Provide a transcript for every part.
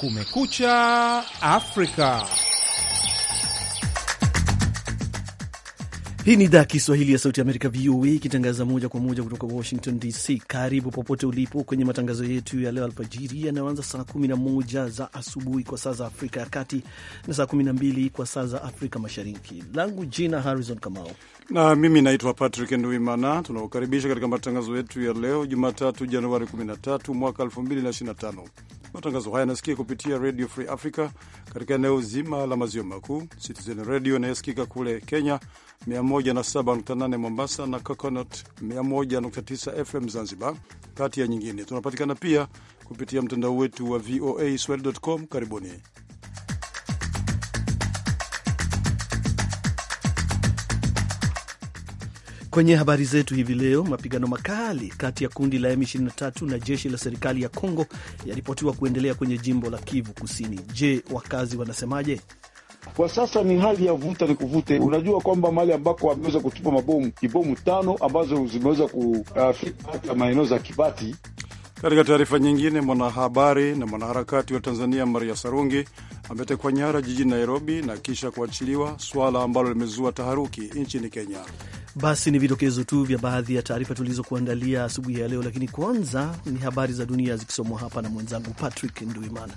Kumekucha Afrika. Hii ni idhaa ya Kiswahili ya Sauti ya Amerika, VOA, ikitangaza moja kwa moja kutoka Washington DC. Karibu popote ulipo kwenye matangazo yetu ya leo alfajiri yanayoanza saa 11 za asubuhi kwa saa za Afrika ya Kati na saa 12 kwa saa za Afrika Mashariki. Langu jina Harrison Kamau na mimi naitwa Patrick Nduimana. Tunakukaribisha katika matangazo yetu ya leo Jumatatu, Januari 13 mwaka 2025. Matangazo haya yanasikika kupitia Radio Free Africa katika eneo zima la maziwa makuu, Citizen Radio inayosikika kule Kenya 107.8 Mombasa na Coconut 101.9 FM Zanzibar, kati ya nyingine. Tunapatikana pia kupitia mtandao wetu wa VOA swahili.com. Karibuni. Kwenye habari zetu hivi leo, mapigano makali kati ya kundi la M23 na jeshi la serikali ya Kongo yaripotiwa kuendelea kwenye jimbo la Kivu Kusini. Je, wakazi wanasemaje? Kwa sasa ni hali ya vuta ni kuvute. Unajua kwamba mahali ambako wameweza kutupa mabomu, kibomu tano ambazo zimeweza kufika hata maeneo za Kibati katika taarifa nyingine, mwanahabari na mwanaharakati wa Tanzania Maria Sarungi ametekwa nyara jijini Nairobi na kisha kuachiliwa, suala ambalo limezua taharuki nchini Kenya. Basi ni vidokezo tu vya baadhi ya taarifa tulizokuandalia asubuhi ya leo, lakini kwanza ni habari za dunia zikisomwa hapa na mwenzangu Patrick Nduimana.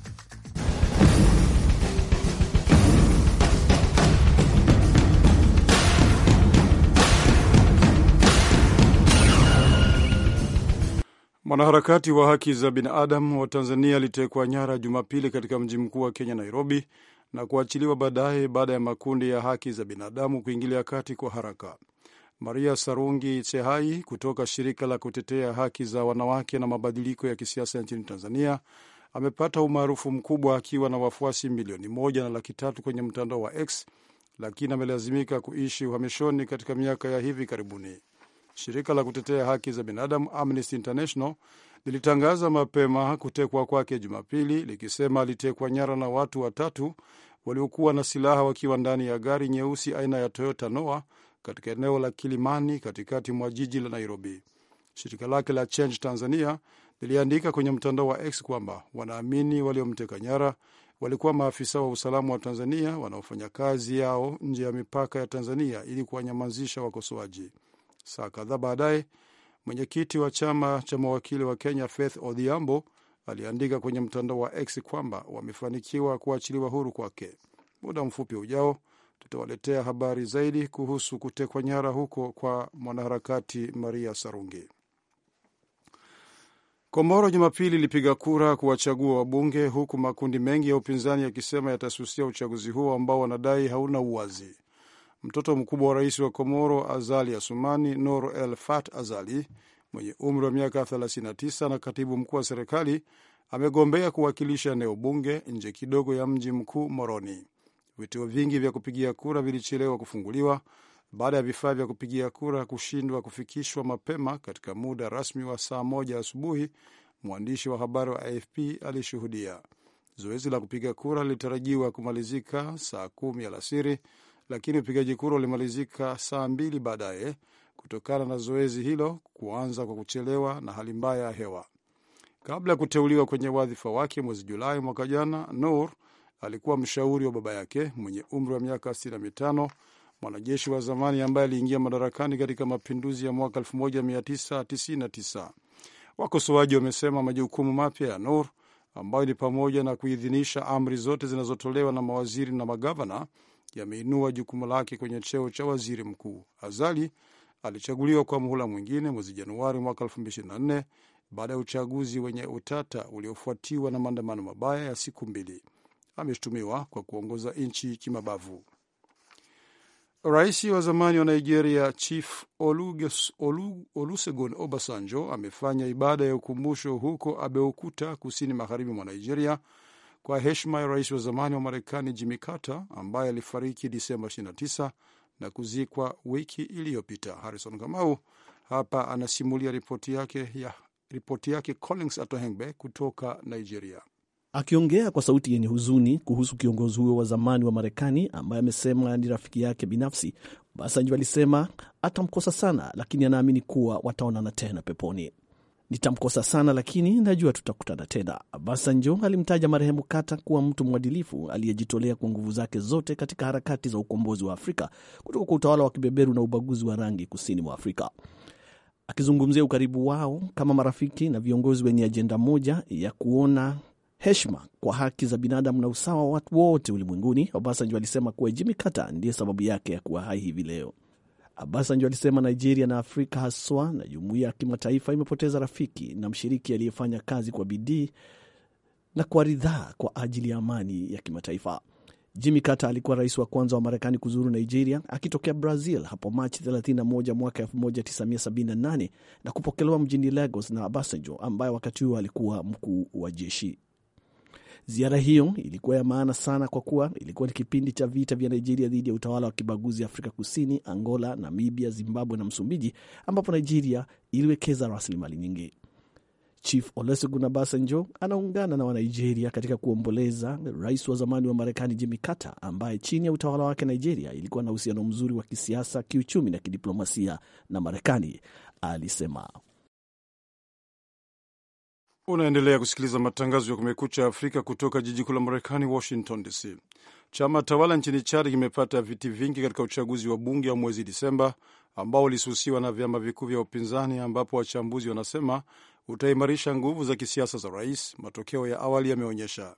Mwanaharakati wa haki za binadamu wa Tanzania alitekwa nyara Jumapili katika mji mkuu wa Kenya, Nairobi, na kuachiliwa baadaye baada ya makundi ya haki za binadamu kuingilia kati kwa haraka. Maria Sarungi Chehai kutoka shirika la kutetea haki za wanawake na mabadiliko ya kisiasa nchini Tanzania amepata umaarufu mkubwa akiwa na wafuasi milioni moja na laki tatu kwenye mtandao wa X, lakini amelazimika kuishi uhamishoni katika miaka ya hivi karibuni. Shirika la kutetea haki za binadamu Amnesty International lilitangaza mapema kutekwa kwake Jumapili likisema alitekwa nyara na watu watatu waliokuwa na silaha wakiwa ndani ya gari nyeusi aina ya Toyota Noah katika eneo la Kilimani katikati mwa jiji la Nairobi. Shirika lake la Change Tanzania liliandika kwenye mtandao wa X kwamba wanaamini waliomteka nyara walikuwa maafisa wa usalama wa Tanzania wanaofanya kazi yao nje ya mipaka ya Tanzania ili kuwanyamazisha wakosoaji. Saa kadhaa baadaye, mwenyekiti wa chama cha mawakili wa Kenya Faith Odhiambo aliandika kwenye mtandao wa X kwamba wamefanikiwa kuachiliwa huru kwake. Muda mfupi ujao tutawaletea habari zaidi kuhusu kutekwa nyara huko kwa mwanaharakati Maria Sarungi. Komoro Jumapili ilipiga kura kuwachagua wabunge, huku makundi mengi ya upinzani yakisema yatasusia uchaguzi huo ambao wanadai hauna uwazi. Mtoto mkubwa wa rais wa Komoro Azali Asumani nor El Fat Azali mwenye umri wa miaka 39 na katibu mkuu wa serikali amegombea kuwakilisha eneo bunge nje kidogo ya mji mkuu Moroni. Vituo vingi vya kupigia kura vilichelewa kufunguliwa baada ya vifaa vya kupigia kura kushindwa kufikishwa mapema katika muda rasmi wa saa moja asubuhi. Mwandishi wa habari wa AFP alishuhudia zoezi la kupiga kura lilitarajiwa kumalizika saa kumi alasiri, lakini upigaji kura ulimalizika saa mbili baadaye kutokana na zoezi hilo kuanza kwa kuchelewa na hali mbaya ya hewa. Kabla ya kuteuliwa kwenye wadhifa wake mwezi Julai mwaka jana, Nur alikuwa mshauri wa baba yake mwenye umri wa miaka 65, mwanajeshi wa zamani ambaye aliingia madarakani katika mapinduzi ya mwaka 1999. Wakosoaji wamesema majukumu mapya ya Nur ambayo ni pamoja na kuidhinisha amri zote zinazotolewa na mawaziri na magavana yameinua jukumu lake kwenye cheo cha waziri mkuu. Azali alichaguliwa kwa muhula mwingine mwezi Januari mwaka 2024 baada ya uchaguzi wenye utata uliofuatiwa na maandamano mabaya ya siku mbili. Ameshutumiwa kwa kuongoza nchi kimabavu. Rais wa zamani wa Nigeria Chief Olu, Olusegun Obasanjo amefanya ibada ya ukumbusho huko Abeokuta, kusini magharibi mwa Nigeria, kwa heshima ya rais wa zamani wa Marekani Jimmy Carter ambaye alifariki Disemba 29 na kuzikwa wiki iliyopita. Harrison Kamau hapa anasimulia ripoti yake, ya, ripoti yake Collins Atohengbe kutoka Nigeria. Akiongea kwa sauti yenye huzuni kuhusu kiongozi huyo wa zamani wa Marekani ambaye amesema ni rafiki yake binafsi, Obasanjo alisema atamkosa sana, lakini anaamini kuwa wataonana tena peponi. Nitamkosa sana lakini najua tutakutana tena. Obasanjo alimtaja marehemu Kata kuwa mtu mwadilifu aliyejitolea kwa nguvu zake zote katika harakati za ukombozi wa Afrika kutoka kwa utawala wa kibeberu na ubaguzi wa rangi kusini mwa Afrika. Akizungumzia ukaribu wao kama marafiki na viongozi wenye ajenda moja ya kuona heshima kwa haki za binadamu na usawa wa watu wote ulimwenguni, Obasanjo alisema kuwa Jimmy Carter ndiye sababu yake ya kuwa hai hivi leo abasanjo alisema Nigeria na Afrika haswa na jumuiya ya kimataifa imepoteza rafiki na mshiriki aliyefanya kazi kwa bidii na kwa ridhaa kwa ajili ya amani ya kimataifa. Jimmy Carter alikuwa rais wa kwanza wa Marekani kuzuru Nigeria akitokea Brazil hapo Machi 31 mwaka 1978 na kupokelewa mjini Lagos na abasanjo ambaye wakati huo alikuwa mkuu wa jeshi. Ziara hiyo ilikuwa ya maana sana kwa kuwa ilikuwa ni kipindi cha vita vya Nigeria dhidi ya utawala wa kibaguzi Afrika Kusini, Angola, Namibia, Zimbabwe na Msumbiji, ambapo Nigeria iliwekeza rasilimali nyingi. Chief Olusegun Obasanjo anaungana na Wanigeria katika kuomboleza rais wa zamani wa Marekani Jimmy Carter, ambaye chini ya utawala wake Nigeria ilikuwa na uhusiano mzuri wa kisiasa, kiuchumi na kidiplomasia na Marekani, alisema. Unaendelea kusikiliza matangazo ya Kumekucha Afrika kutoka jiji kuu la Marekani, Washington DC. Chama tawala nchini Chad kimepata viti vingi katika uchaguzi wa bunge wa mwezi Disemba ambao ulisusiwa na vyama vikuu vya upinzani, ambapo wachambuzi wanasema utaimarisha nguvu za kisiasa za rais, matokeo ya awali yameonyesha.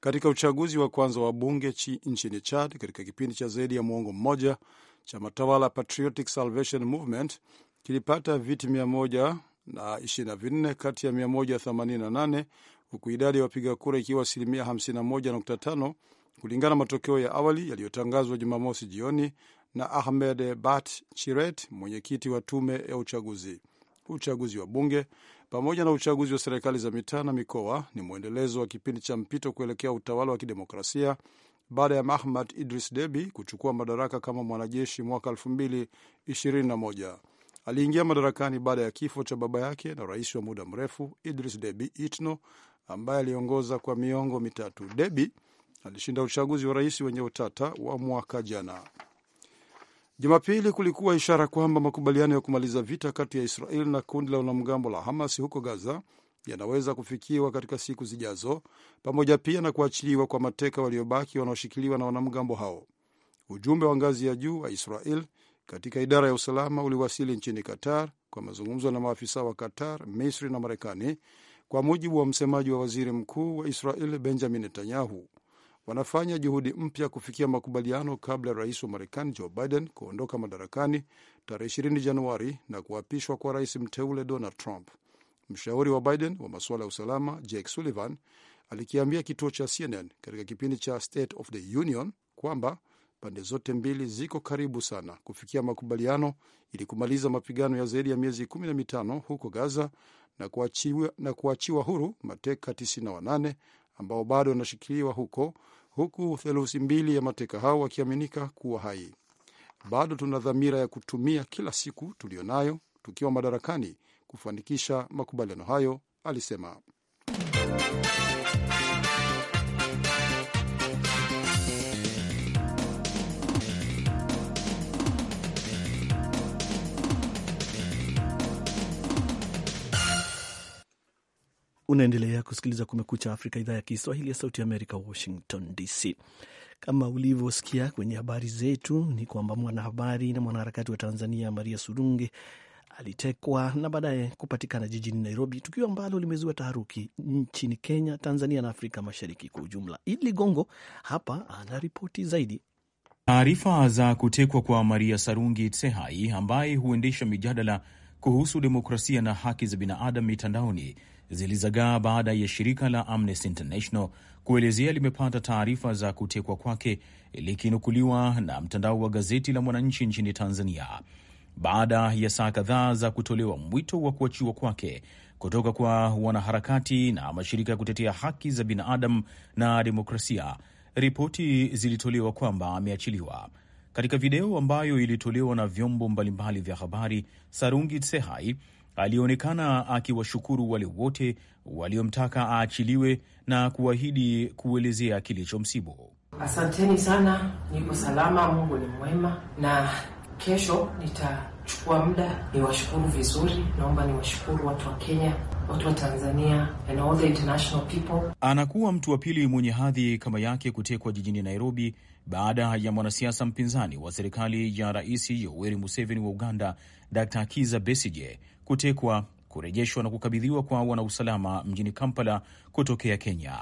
Katika uchaguzi wa kwanza wa bunge chi nchini Chad katika kipindi cha zaidi ya mwongo mmoja, chama tawala Patriotic Salvation Movement kilipata viti mia moja na 24 kati ya 188 huku idadi ya wapiga kura ikiwa asilimia 51.5 kulingana matokeo ya awali yaliyotangazwa Jumamosi jioni na Ahmed Bat Chiret, mwenyekiti wa tume ya uchaguzi. Uchaguzi wa bunge pamoja na uchaguzi wa serikali za mitaa na mikoa ni mwendelezo wa kipindi cha mpito kuelekea utawala wa kidemokrasia baada ya Mahamad Idris debi kuchukua madaraka kama mwanajeshi mwaka 2021. Aliingia madarakani baada ya kifo cha baba yake na rais wa muda mrefu Idris Deby Itno ambaye aliongoza kwa miongo mitatu. Deby alishinda uchaguzi wa rais wenye utata wa mwaka jana. Jumapili kulikuwa ishara kwamba makubaliano ya kumaliza vita kati ya Israel na kundi la wanamgambo la Hamas huko Gaza yanaweza kufikiwa katika siku zijazo, pamoja pia na kuachiliwa kwa mateka waliobaki wanaoshikiliwa na wanamgambo hao. Ujumbe wa ngazi ya juu wa Israel katika idara ya usalama uliwasili nchini Qatar kwa mazungumzo na maafisa wa Qatar, Misri na Marekani, kwa mujibu wa msemaji wa waziri mkuu wa Israel Benjamin Netanyahu. Wanafanya juhudi mpya kufikia makubaliano kabla ya rais wa Marekani Joe Biden kuondoka madarakani tarehe 20 Januari na kuapishwa kwa rais mteule Donald Trump. Mshauri wa Biden wa masuala ya usalama Jake Sullivan alikiambia kituo cha CNN katika kipindi cha State of the Union kwamba Pande zote mbili ziko karibu sana kufikia makubaliano ili kumaliza mapigano ya zaidi ya miezi 15 huko Gaza na kuachiwa, na kuachiwa huru mateka 98 ambao bado wanashikiliwa huko, huku theluthi mbili ya mateka hao wakiaminika kuwa hai. Bado tuna dhamira ya kutumia kila siku tuliyonayo tukiwa madarakani kufanikisha makubaliano hayo, alisema. Unaendelea kusikiliza Kumekucha Afrika, idhaa ya Kiswahili ya Sauti Amerika, Washington DC. Kama ulivyosikia kwenye habari zetu, ni kwamba mwanahabari na mwanaharakati wa Tanzania Maria Surunge alitekwa na baadaye kupatikana jijini Nairobi, tukio ambalo limezua taharuki nchini Kenya, Tanzania na Afrika Mashariki kwa ujumla. Idli Gongo hapa anaripoti zaidi. Taarifa za kutekwa kwa Maria Sarungi Tsehai ambaye huendesha mijadala kuhusu demokrasia na haki za binadamu mitandaoni zilizagaa baada ya shirika la Amnesty International kuelezea limepata taarifa za kutekwa kwake, likinukuliwa na mtandao wa gazeti la Mwananchi nchini Tanzania. Baada ya saa kadhaa za kutolewa mwito wa kuachiwa kwake kutoka kwa wanaharakati na mashirika ya kutetea haki za binadamu na demokrasia, ripoti zilitolewa kwamba ameachiliwa. Katika video ambayo ilitolewa na vyombo mbalimbali vya habari, Sarungi Tsehai alionekana akiwashukuru wale wote waliomtaka aachiliwe na kuahidi kuelezea kilichomsibu. Asanteni sana, niko salama, Mungu ni mwema, na kesho nitachukua muda niwashukuru vizuri. Naomba niwashukuru watu wa Kenya, watu wa Tanzania and all the international people. Anakuwa mtu wa pili mwenye hadhi kama yake kutekwa jijini Nairobi baada ya mwanasiasa mpinzani wa serikali ya Rais Yoweri Museveni wa Uganda, Dr Kiza Besige kutekwa, kurejeshwa na kukabidhiwa kwa wanausalama mjini Kampala kutokea Kenya.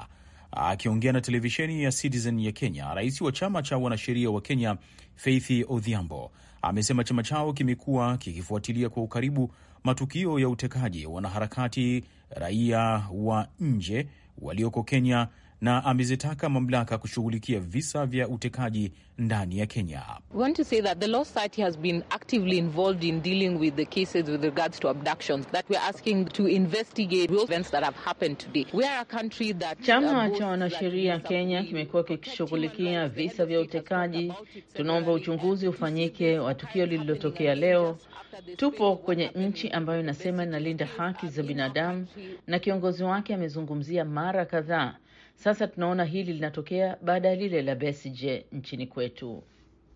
Akiongea na televisheni ya Citizen ya Kenya, rais wa chama cha wanasheria wa Kenya Feithi Odhiambo amesema chama chao kimekuwa kikifuatilia kwa ukaribu matukio ya utekaji wanaharakati raia wa nje walioko Kenya na amezitaka mamlaka kushughulikia visa vya utekaji ndani ya Kenya. Chama cha wanasheria Kenya kimekuwa kikishughulikia visa vya utekaji. Tunaomba uchunguzi ufanyike wa tukio lililotokea leo. Tupo kwenye nchi ambayo inasema inalinda haki za binadamu, na kiongozi wake amezungumzia mara kadhaa sasa tunaona hili linatokea baada ya lile la Besigye nchini kwetu.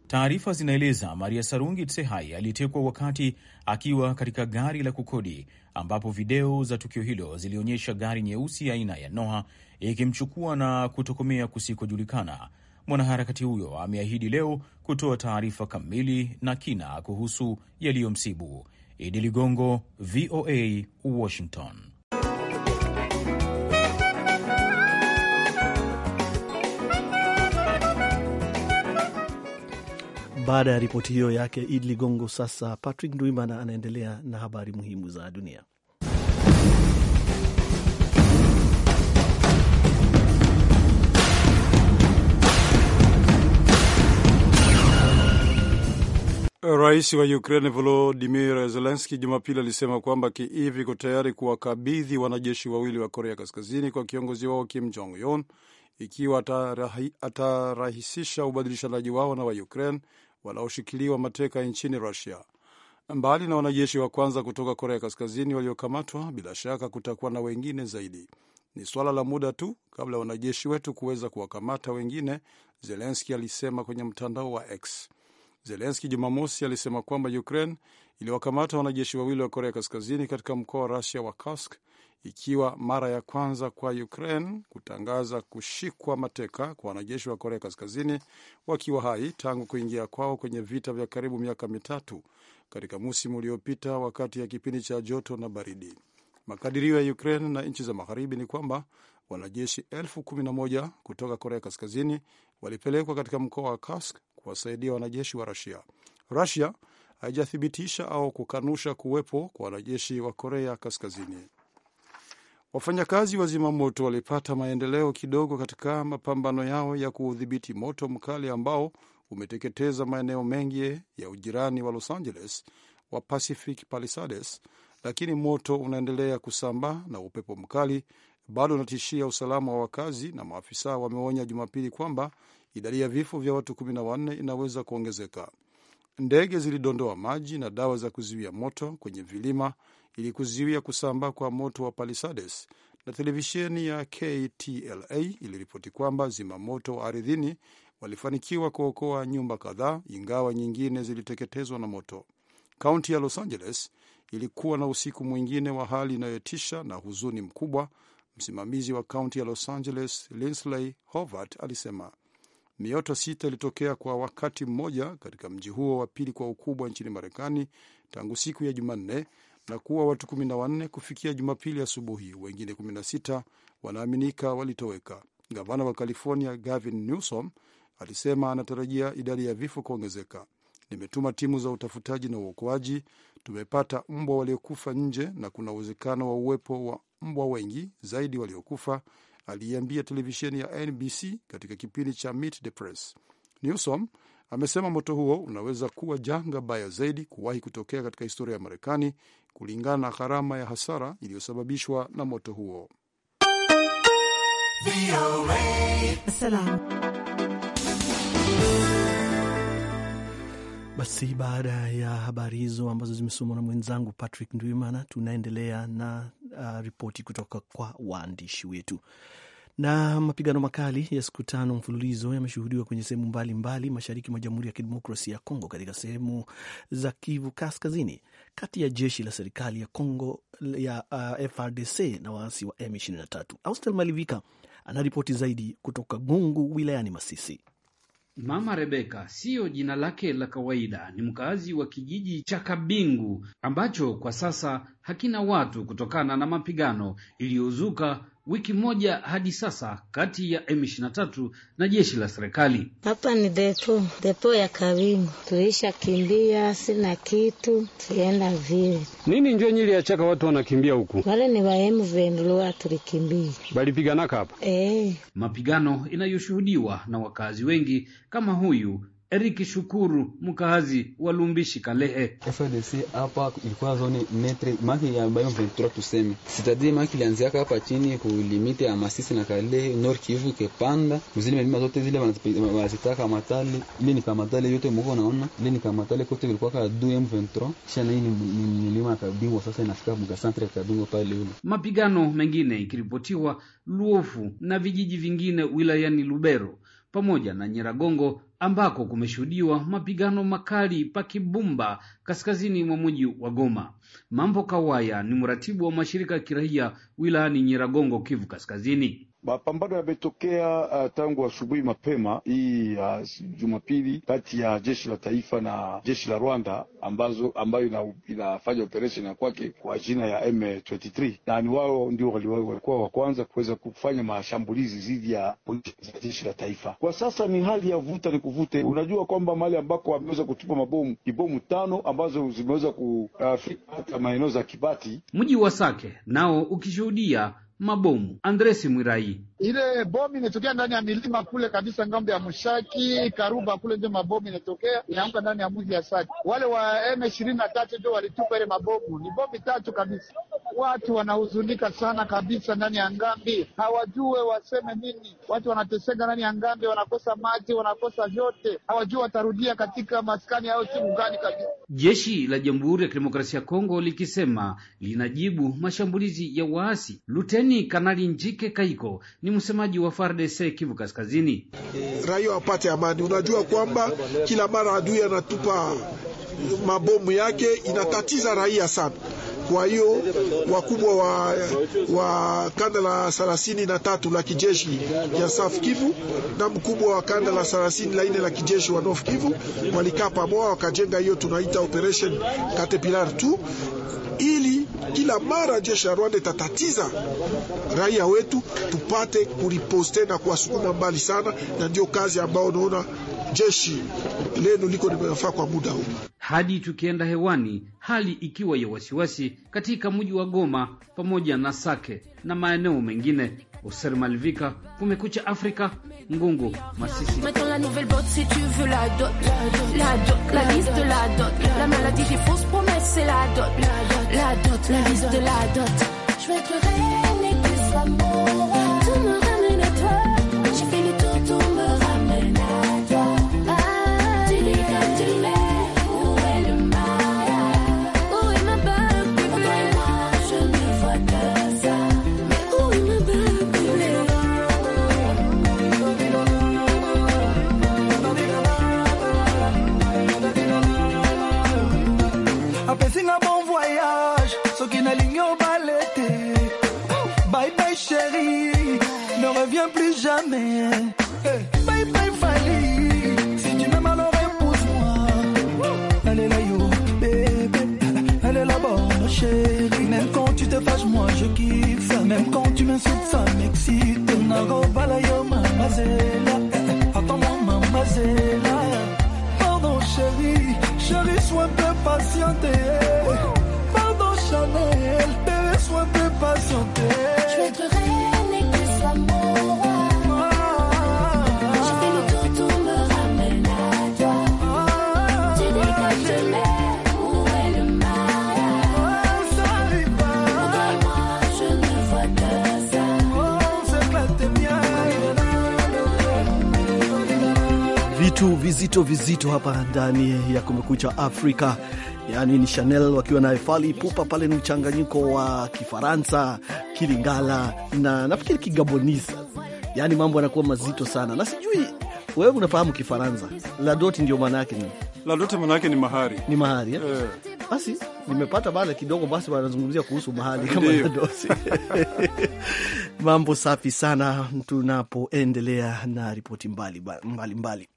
Taarifa zinaeleza Maria Sarungi Tsehai alitekwa wakati akiwa katika gari la kukodi, ambapo video za tukio hilo zilionyesha gari nyeusi aina ya Noha ikimchukua na kutokomea kusikojulikana. Mwanaharakati huyo ameahidi leo kutoa taarifa kamili na kina kuhusu yaliyomsibu. Idi Ligongo, VOA, Washington. Baada ya ripoti hiyo yake Id Ligongo, sasa Patrick Ndwimana anaendelea na habari muhimu za dunia. Rais wa Ukraine Volodimir Zelenski Jumapili alisema kwamba Kiev iko tayari kuwakabidhi wanajeshi wawili wa Korea Kaskazini kwa kiongozi wao Kim Jong Un ikiwa atarahisisha ubadilishanaji wao na wa Ukraine wanaoshikiliwa mateka nchini Rusia. Mbali na wanajeshi wa kwanza kutoka Korea Kaskazini waliokamatwa, bila shaka kutakuwa na wengine zaidi. Ni suala la muda tu kabla ya wanajeshi wetu kuweza kuwakamata wengine, Zelenski alisema kwenye mtandao wa X. Zelenski Jumamosi alisema kwamba Ukraine iliwakamata wanajeshi wawili wa Korea Kaskazini katika mkoa wa Rusia wa Kursk ikiwa mara ya kwanza kwa Ukraine kutangaza kushikwa mateka kwa wanajeshi wa Korea Kaskazini wakiwa hai tangu kuingia kwao kwenye vita vya karibu miaka mitatu katika musimu uliopita wakati ya kipindi cha joto na baridi. Makadirio ya Ukraine na nchi za magharibi ni kwamba wanajeshi elfu kumi na moja kutoka Korea Kaskazini walipelekwa katika mkoa wa Kursk kuwasaidia wanajeshi wa Rusia. Rusia haijathibitisha au kukanusha kuwepo kwa wanajeshi wa Korea Kaskazini. Wafanyakazi wa zimamoto walipata maendeleo kidogo katika mapambano yao ya kuudhibiti moto mkali ambao umeteketeza maeneo mengi ya ujirani wa Los Angeles wa Pacific Palisades, lakini moto unaendelea kusambaa na upepo mkali bado unatishia usalama wa wakazi, na maafisa wameonya Jumapili kwamba idadi ya vifo vya watu 14 inaweza kuongezeka. Ndege zilidondoa maji na dawa za kuzuia moto kwenye vilima ili kuzuia kusambaa kwa moto wa Palisades, na televisheni ya KTLA iliripoti kwamba zimamoto wa ardhini walifanikiwa kuokoa nyumba kadhaa, ingawa nyingine ziliteketezwa na moto. Kaunti ya Los Angeles ilikuwa na usiku mwingine wa hali inayotisha na huzuni mkubwa. Msimamizi wa kaunti ya Los Angeles Linsley hovart alisema mioto sita ilitokea kwa wakati mmoja katika mji huo wa pili kwa ukubwa nchini Marekani tangu siku ya Jumanne, na kuwa watu 14 kufikia Jumapili asubuhi. Wengine 16 wanaaminika walitoweka. Gavana wa California Gavin Newsom alisema anatarajia idadi ya vifo kuongezeka. Nimetuma timu za utafutaji na uokoaji. Tumepata mbwa waliokufa nje na kuna uwezekano wa uwepo wa mbwa wengi zaidi waliokufa, aliiambia televisheni ya NBC katika kipindi cha Meet the Press. Newsom amesema moto huo unaweza kuwa janga baya zaidi kuwahi kutokea katika historia ya Marekani kulingana na gharama ya hasara iliyosababishwa na moto huo. Basi baada ya habari hizo ambazo zimesomwa na mwenzangu Patrick Ndwimana, tunaendelea na uh, ripoti kutoka kwa waandishi wetu. Na mapigano makali ya siku tano mfululizo yameshuhudiwa kwenye sehemu mbalimbali mashariki mwa Jamhuri ya Kidemokrasia ya Kongo, katika sehemu za Kivu Kaskazini, kati ya jeshi la serikali ya Kongo ya uh, FRDC na waasi wa M23. Austel Malivika anaripoti zaidi kutoka Gungu wilayani Masisi. Mama Rebeka siyo jina lake la kawaida, ni mkaazi wa kijiji cha Kabingu ambacho kwa sasa hakina watu kutokana na mapigano iliyozuka wiki moja hadi sasa kati ya M23 na jeshi la serikali. Hapa ni depo, depo ya Kabingu, tuisha kimbia, sina kitu, tuenda vile nini, njo nyili yachaka watu wanakimbia huku, wale ni waemu M23 tulikimbia, balipiganaka hapa e. Mapigano inayoshuhudiwa na wakazi wengi kama huyu Eriki Shukuru, mkahazi wa Lumbishi Kalehe. FDC hapa ilikuwa zone metre maki ya ambayo ventura tuseme sitadie maki ilianziaka hapa chini kulimite ya Masisi na Kalehe, Nord Kivu kepanda mzile milima zote zile wanazita matali, ile ni matali yote muko naona, ile ni matali kote ilikuwa ka du M23 kisha na hii ni milima ya Kabingo, sasa inafika mga Centre ya Kabingo pale. Ule mapigano mengine ikiripotiwa Luofu na vijiji vingine wilayani Lubero pamoja na Nyiragongo ambako kumeshuhudiwa mapigano makali pa Kibumba kaskazini mwa mji wa Goma. Mambo Kawaya ni mratibu wa mashirika ya kiraia wilayani Nyiragongo, Kivu Kaskazini. Mapambano yametokea uh, tangu asubuhi mapema hii uh, Jumapili kati ya jeshi la taifa na jeshi la Rwanda ambazo ambayo ina, inafanya operation ya kwake kwa jina ya M23 na ni wao ndio walikuwa wa kwanza kuweza kufanya mashambulizi dhidi ya za jeshi la taifa. Kwa sasa ni hali ya vuta ni kuvute. Unajua kwamba mahali ambako wameweza kutupa mabomu kibomu tano ambazo zimeweza kufika uh, hata maeneo za Kibati, mji wa Sake nao ukishuhudia mabomu. Andresi Mwirai, ile bomu inatokea ndani ya milima kule kabisa, ngambo ya Mshaki Karuba kule ndio mabomu inatokea, inaanguka ndani ya mji ya saki Wale wa M ishirini na tatu ndio walitupa ile mabomu, ni bomu tatu kabisa watu wanahuzunika sana kabisa ndani ya Ngambi, hawajue waseme nini. Watu wanateseka ndani ya Ngambi, wanakosa maji, wanakosa vyote, hawajue watarudia katika maskani au siku gani kabisa. Jeshi la Jamhuri ya Kidemokrasia ya Kongo likisema linajibu mashambulizi ya waasi. Luteni Kanali Njike Kaiko ni msemaji wa FARDC Kivu Kaskazini. Raia wapate amani. Unajua kwamba kila mara adui anatupa mabomu yake, inatatiza raia sana. Kwa hiyo wakubwa wa, wa kanda la thelathini na tatu la kijeshi ya Saf Kivu na mkubwa wa kanda la thelathini la nne la kijeshi wa North Kivu walikaa pamoja, wakajenga hiyo tunaita operation Caterpillar 2 ili kila mara jeshi la Rwanda itatatiza raia wetu tupate kuriposte na kuwasukuma mbali sana, na ndio kazi ambayo unaona jeshi lenu liko limefaa kwa muda huu. Hadi tukienda hewani, hali ikiwa ya wasiwasi katika mji wa Goma pamoja na Sake na maeneo mengine. Oser Malvika, Kumekucha Afrika, Ngungu, Masisi. reviens plus jamais. Hey. Bye bye Fali, si tu m'aimes alors épouse-moi. Elle est là yo, bébé, elle est la bonne chérie. Même quand tu te fâches, moi je kiffe ça. Même quand tu m'insultes, ça m'excite. Nago balayo mamazela, attends-moi mamazela. Pardon chérie, chérie sois un peu patiente. Pardon Chanel, bébé sois un peu patiente. Je vitu vizito vizito hapa ndani ya Kumekucha Afrika. Yani ni Chanel wakiwa na Efali Pupa, pale ni mchanganyiko wa Kifaransa, Kilingala na nafikiri Kigabonisa. Yani mambo yanakuwa mazito sana, na sijui wewe unafahamu Kifaransa. Ladoti ndio maana yake ni ladoti, maana yake ni mahari, ni mahari eh? yeah. Basi nimepata bale kidogo, basi wanazungumzia kuhusu mahali kama Ladosi. Mambo safi sana, tunapoendelea na ripoti mbalimbali mbali.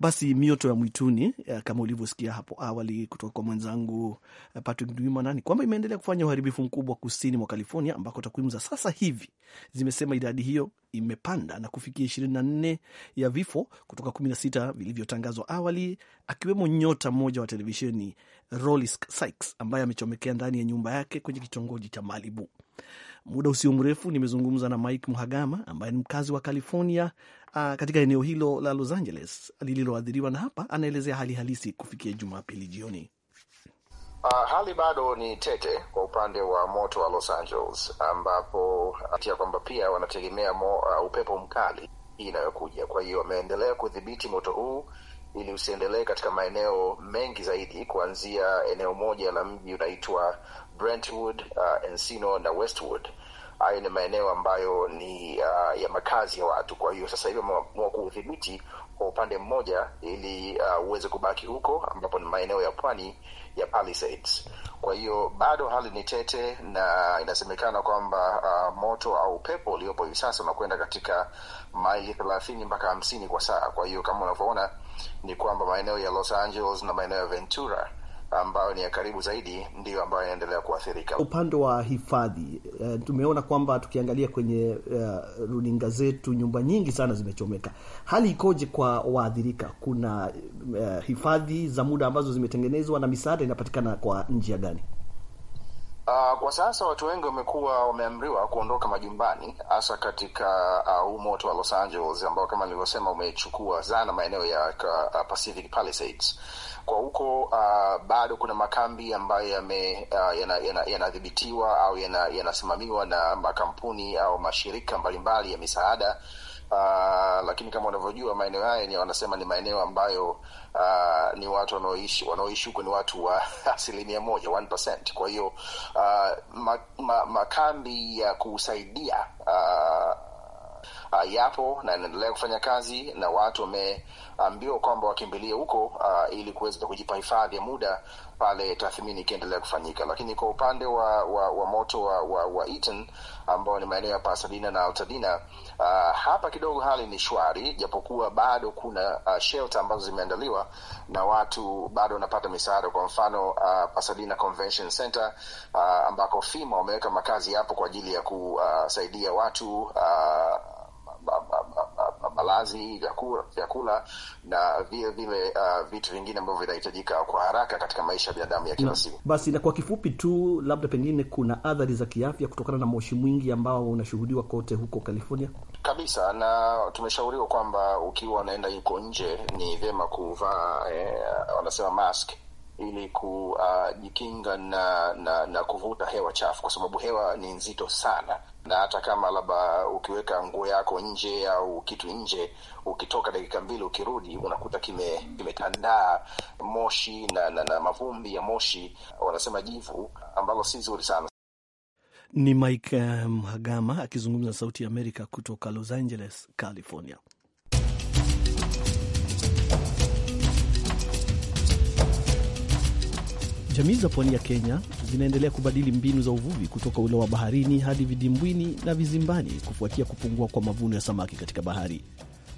Basi mioto ya mwituni eh, kama ulivyosikia hapo awali kutoka kwa mwenzangu eh, Patrick Duimana ni kwamba imeendelea kufanya uharibifu mkubwa kusini mwa California, ambako takwimu za sasa hivi zimesema idadi hiyo imepanda na kufikia ishirini na nne ya vifo kutoka kumi na sita vilivyotangazwa awali, akiwemo nyota mmoja wa televisheni Rolis Sykes ambaye amechomekea ndani ya nyumba yake kwenye kitongoji cha Malibu. Muda usio mrefu nimezungumza na Mike Muhagama ambaye ni mkazi wa California uh, katika eneo hilo la Los Angeles lililoathiriwa, na hapa anaelezea hali halisi kufikia Jumapili jioni. Uh, hali bado ni tete kwa upande wa moto wa Los Angeles, ambapo atia ah, kwamba pia wanategemea uh, upepo mkali hii inayokuja. Kwa hiyo wameendelea kudhibiti moto huu ili usiendelee katika maeneo mengi zaidi, kuanzia eneo moja la mji unaitwa Brentwood, uh, Encino na Westwood hayo ah, ni maeneo ambayo ni uh, ya makazi ya watu. Kwa hiyo sasa hivi wameamua kuudhibiti kwa upande mmoja, ili uh, uweze kubaki huko ambapo ni maeneo ya pwani ya Palisades. Kwa hiyo bado hali ni tete, na inasemekana kwamba uh, moto au upepo uliopo hivi sasa unakwenda katika maili thelathini mpaka hamsini kwa saa. Kwa hiyo kama unavyoona ni kwamba maeneo ya Los Angeles na maeneo ya Ventura ambayo ni ya karibu zaidi ndiyo ambayo inaendelea kuathirika. Upande wa hifadhi e, tumeona kwamba tukiangalia kwenye e, runinga zetu nyumba nyingi sana zimechomeka. Hali ikoje kwa waathirika? Kuna e, hifadhi za muda ambazo zimetengenezwa na misaada inapatikana kwa njia gani? Uh, kwa sasa watu wengi wamekuwa wameamriwa kuondoka majumbani hasa katika huu uh, moto wa Los Angeles ambao kama nilivyosema umechukua sana maeneo ya uh, Pacific Palisades kwa huko uh, bado kuna makambi ambayo yanadhibitiwa uh, yana, yana au yanasimamiwa yana na makampuni au mashirika mbalimbali mbali ya misaada uh, lakini kama unavyojua maeneo haya ni wanasema ni maeneo ambayo uh, ni watu wanaoishi wanaoishi huko ni watu wa asilimia moja Kwa hiyo uh, makambi ma, ma ya kusaidia uh, uh, yapo na inaendelea kufanya kazi, na watu wameambiwa kwamba wakimbilie huko uh, ili kuweza kujipa hifadhi ya muda pale tathmini ikiendelea kufanyika. Lakini kwa upande wa, wa, wa moto wa, wa, wa Eaton ambao ni maeneo ya Pasadena na Altadena, uh, hapa kidogo hali ni shwari, japokuwa bado kuna uh, shelter ambazo zimeandaliwa na watu bado wanapata misaada. Kwa mfano uh, Pasadena Convention Center uh, ambako FEMA wameweka makazi hapo kwa ajili ya kusaidia watu uh, malazi, vyakula, na vile vile uh, vitu vingine ambavyo vinahitajika kwa haraka katika maisha ya binadamu ya kila siku. Basi na kwa kifupi tu, labda pengine kuna adhari za kiafya kutokana na moshi mwingi ambao unashuhudiwa kote huko California kabisa, na tumeshauriwa kwamba ukiwa unaenda yuko nje ni vyema kuvaa eh, wanasema mask ili kujikinga ah, uh, na, na na kuvuta hewa chafu, kwa sababu hewa ni nzito sana, na hata kama labda ukiweka nguo yako nje au kitu nje, ukitoka dakika mbili ukirudi, unakuta kime kimetandaa moshi na, na, na mavumbi ya moshi, wanasema jivu, ambalo si zuri sana. Ni Mike eh, Mhagama akizungumza na Sauti ya Amerika kutoka Los Angeles, California. Jamii za pwani ya Kenya zinaendelea kubadili mbinu za uvuvi kutoka ule wa baharini hadi vidimbwini na vizimbani kufuatia kupungua kwa mavuno ya samaki katika bahari.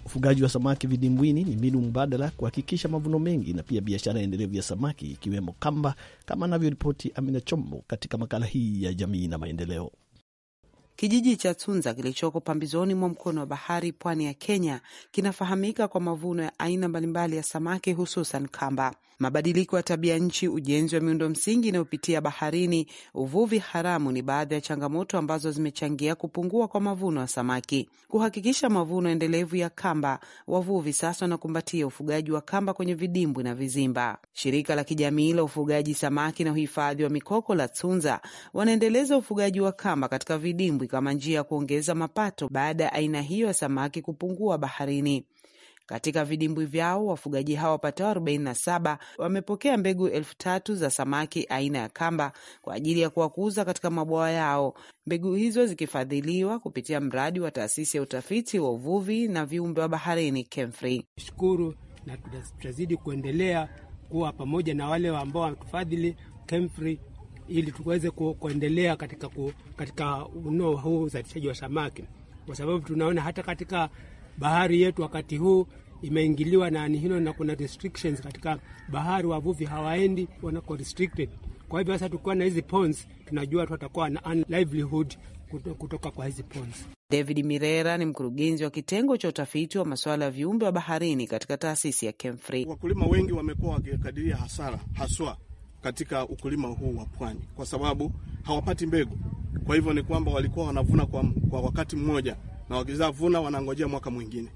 Ufugaji wa samaki vidimbwini ni mbinu mbadala kuhakikisha mavuno mengi na pia biashara endelevu ya samaki ikiwemo kamba, kama anavyoripoti Amina Chombo katika makala hii ya jamii na maendeleo. Kijiji cha Tsunza kilichoko pambizoni mwa mkono wa bahari pwani ya Kenya kinafahamika kwa mavuno ya aina mbalimbali ya samaki, hususan kamba. Mabadiliko ya tabia nchi, ujenzi wa miundo msingi inayopitia baharini, uvuvi haramu ni baadhi ya changamoto ambazo zimechangia kupungua kwa mavuno ya samaki. Kuhakikisha mavuno endelevu ya kamba, wavuvi sasa wanakumbatia ufugaji wa kamba kwenye vidimbwi na vizimba. Shirika la kijamii la ufugaji samaki na uhifadhi wa mikoko la Tsunza wanaendeleza ufugaji wa kamba katika vidimbwi kama njia ya kuongeza mapato baada ya aina hiyo ya samaki kupungua baharini. Katika vidimbwi vyao wafugaji hawa wapatao 47 wamepokea mbegu elfu tatu za samaki aina ya kamba kwa ajili ya kuwakuza katika mabwawa yao, mbegu hizo zikifadhiliwa kupitia mradi wa taasisi ya utafiti wa uvuvi na viumbe wa baharini KEMFRI. Shukuru na tutazidi kuendelea kuwa pamoja na wale ambao wametufadhili KEMFRI ili tuweze kuendelea katika, ku, katika unoo huu uzalishaji wa samaki, kwa sababu tunaona hata katika bahari yetu wakati huu imeingiliwa na ni hilo, na kuna restrictions katika bahari, wavuvi hawaendi, wanako restricted. Kwa hivyo sasa tukiwa na hizi ponds, tunajua tu watakuwa na livelihood kutoka kwa hizi ponds. David Mirera ni mkurugenzi wa kitengo cha utafiti wa masuala ya viumbe wa baharini katika taasisi ya Kemfrey. Wakulima wengi wamekuwa wakikadiria hasara haswa katika ukulima huu wa pwani, kwa sababu hawapati mbegu. Kwa hivyo ni kwamba walikuwa wanavuna kwa, kwa wakati mmoja, na wakizavuna wanangojea mwaka mwingine,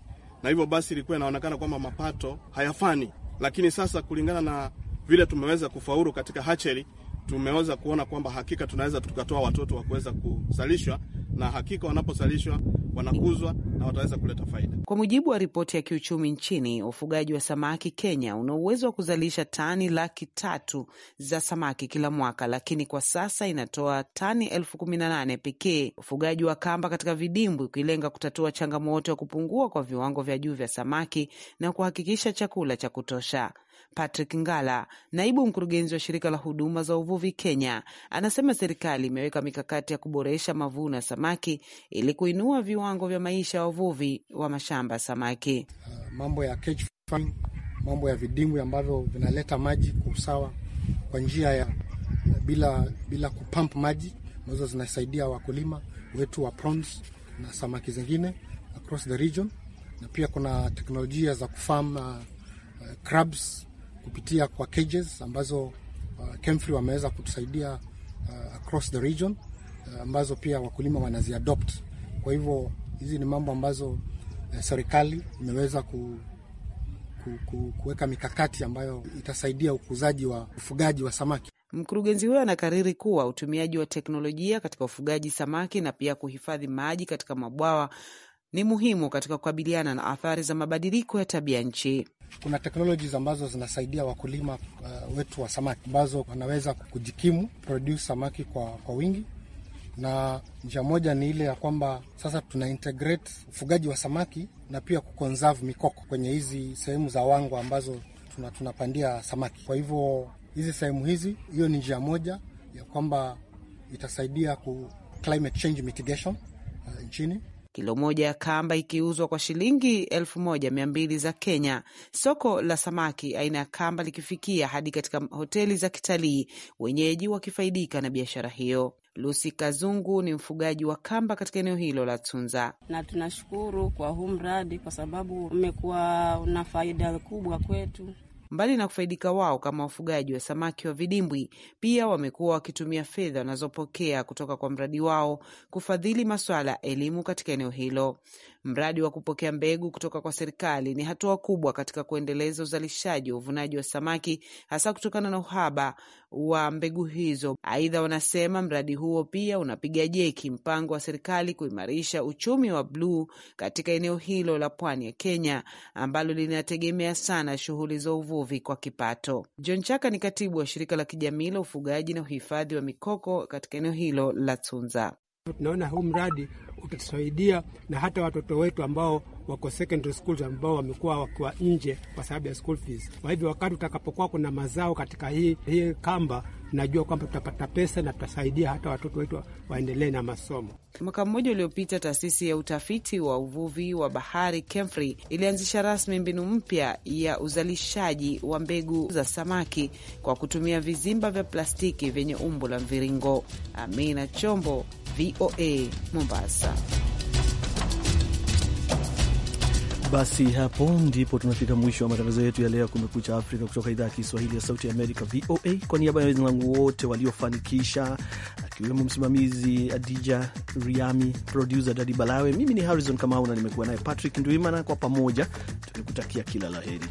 na hivyo basi ilikuwa inaonekana kwamba mapato hayafani. Lakini sasa kulingana na vile tumeweza kufaulu katika hacheri tumeweza kuona kwamba hakika tunaweza tukatoa watoto wa kuweza kusalishwa na hakika wanaposalishwa wanakuzwa na wataweza kuleta faida. Kwa mujibu wa ripoti ya kiuchumi nchini, ufugaji wa samaki Kenya una uwezo wa kuzalisha tani laki tatu za samaki kila mwaka, lakini kwa sasa inatoa tani elfu kumi na nane pekee. Ufugaji wa kamba katika vidimbwi ukilenga kutatua changamoto ya kupungua kwa viwango vya juu vya samaki na kuhakikisha chakula cha kutosha. Patrick Ngala, naibu mkurugenzi wa shirika la huduma za uvuvi Kenya, anasema serikali imeweka mikakati ya kuboresha mavuno ya samaki ili kuinua viwango vya maisha ya wavuvi wa mashamba samaki. Uh, mambo ya cage farming, mambo ya vidimbwi ambavyo vinaleta maji kwa usawa kwa njia ya bila, bila kupamp maji ambazo zinasaidia wakulima wetu wa prawns na samaki zingine across the region, na pia kuna teknolojia za kufarm uh, Uh, crabs kupitia kwa cages ambazo uh, Kemfri wameweza kutusaidia uh, across the region ambazo pia wakulima wanaziadopt. Kwa hivyo hizi ni mambo ambazo serikali imeweza ku, ku, ku, kuweka mikakati ambayo itasaidia ukuzaji wa ufugaji wa samaki. Mkurugenzi huyo anakariri kuwa utumiaji wa teknolojia katika ufugaji samaki na pia kuhifadhi maji katika mabwawa ni muhimu katika kukabiliana na athari za mabadiliko ya tabia nchi. Kuna teknoloji ambazo zinasaidia wakulima uh, wetu wa samaki ambazo wanaweza kujikimu produce samaki kwa, kwa wingi na njia moja ni ile ya kwamba sasa tuna integrate ufugaji wa samaki na pia kukonserve mikoko kwenye hizi sehemu za wangwa ambazo tuna, tunapandia samaki. Kwa hivyo hizi sehemu hizi, hiyo ni njia moja ya kwamba itasaidia ku climate change mitigation uh, nchini kilo moja ya kamba ikiuzwa kwa shilingi elfu moja mia mbili za Kenya, soko la samaki aina ya kamba likifikia hadi katika hoteli za kitalii, wenyeji wakifaidika na biashara hiyo. Lucy Kazungu ni mfugaji wa kamba katika eneo hilo la Tunza. Na tunashukuru kwa huu mradi kwa sababu umekuwa una faida kubwa kwetu Mbali na kufaidika wao kama wafugaji wa samaki wa vidimbwi, pia wamekuwa wakitumia fedha wanazopokea kutoka kwa mradi wao kufadhili masuala ya elimu katika eneo hilo. Mradi wa kupokea mbegu kutoka kwa serikali ni hatua kubwa katika kuendeleza uzalishaji wa uvunaji wa samaki, hasa kutokana na uhaba wa mbegu hizo. Aidha, wanasema mradi huo pia unapiga jeki mpango wa serikali kuimarisha uchumi wa bluu katika eneo hilo la pwani ya Kenya ambalo linategemea sana shughuli za uvuvi kwa kipato. John Chaka ni katibu wa shirika la kijamii la ufugaji na uhifadhi wa mikoko katika eneo hilo la Tunza. Tunaona huu mradi utatusaidia na hata watoto wetu ambao wako secondary school ambao wamekuwa wakiwa nje kwa sababu ya school fees. Kwa hivyo wakati utakapokuwa kuna mazao katika hii, hii kamba najua kwamba tutapata pesa na tutasaidia hata watoto wetu waendelee na masomo. Mwaka mmoja uliopita, taasisi ya utafiti wa uvuvi wa bahari KEMFRI ilianzisha rasmi mbinu mpya ya uzalishaji wa mbegu za samaki kwa kutumia vizimba vya plastiki vyenye umbo la mviringo. Amina Chombo, VOA, Mombasa. Basi hapo ndipo tunafika mwisho wa matangazo yetu ya leo ya Kumekucha Afrika kutoka idhaa ya Kiswahili ya Sauti Amerika, VOA. Kwa niaba ya wenzangu wote waliofanikisha, akiwemo msimamizi Adija Riami, produsa Dadi Balawe, mimi ni Harrison Kamau na nimekuwa naye Patrick Ndwimana, kwa pamoja tukikutakia kila la heri.